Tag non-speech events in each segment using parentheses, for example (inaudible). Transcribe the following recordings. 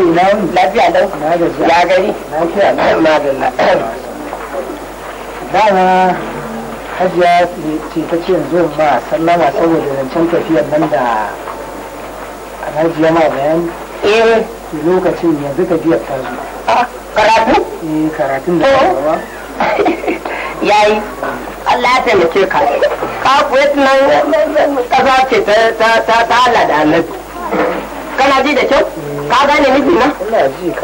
ina lafiya lau ya gari lafiya madalla dama hajiya ce ta ce yanzu ma sallama saboda zancen tafiyar nan da alhaji ma bayan eh. lokacin yanzu tafiyar ta zo karatu eh karatun da ba (laughs) yayi Allah ya taimake ka ka kuwa nan kasa ce ta ta ta kana ji da kyau ka gane nufi na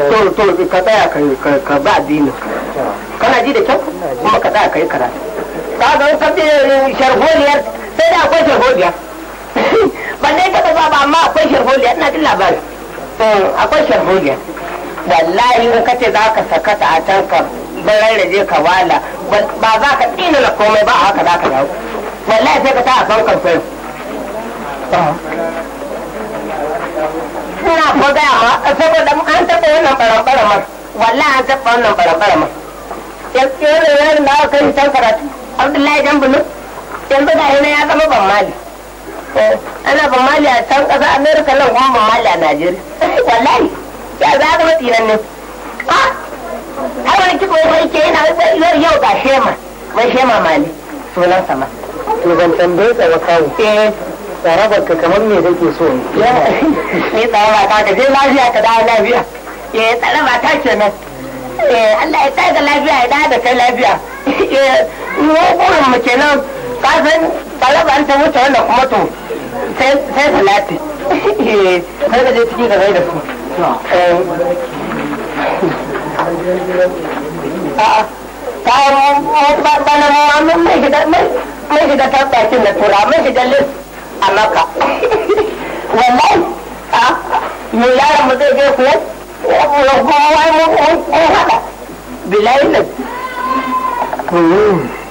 to to ka tsaya ka ba dini kana ji da kyau kuma ka tsaya ka yi karatu ka ga ka ce eh, sharholiyar sai da akwai sharholiya (laughs) ban dai taɓa zuwa ba amma akwai sharholiya ina jin labari akwai sharholiya wallahi in ka ce za ka sakata a can ka barar da ka wala ba za ka tsina na komai ba a haka za ka dawo wallahi sai ka ta a fankan fayo ko gaya ma saboda an taɓa wannan ma wallahi an taɓa wannan ma yanzu da aka karatu abdullahi dan bulu yanzu yana ya zama ban mali eh, ana ban mali a can ƙasa amerika nan kuma ban mali a najeriya eh, wallahi ya za ka matsi nan ne har wani kiko ya ke yana yau ga shema mai shema mali sunan sama to tambaye tsawon kawo eh. tsaraba ka kamar me kake so ne tsaraba ta ka je lafiya ka dawo lafiya tsaraba ta kenan eh Allah ya tsaya da lafiya ya dawo da kai lafiya eh mu burin mu kenan ka san ta wuce kuma to sai salati sai ka je ka da su ba na mai gida mai gida ta tura mai gida a maka wallahi a mu yaran mu zai je kuwa kuma wai mun haɗa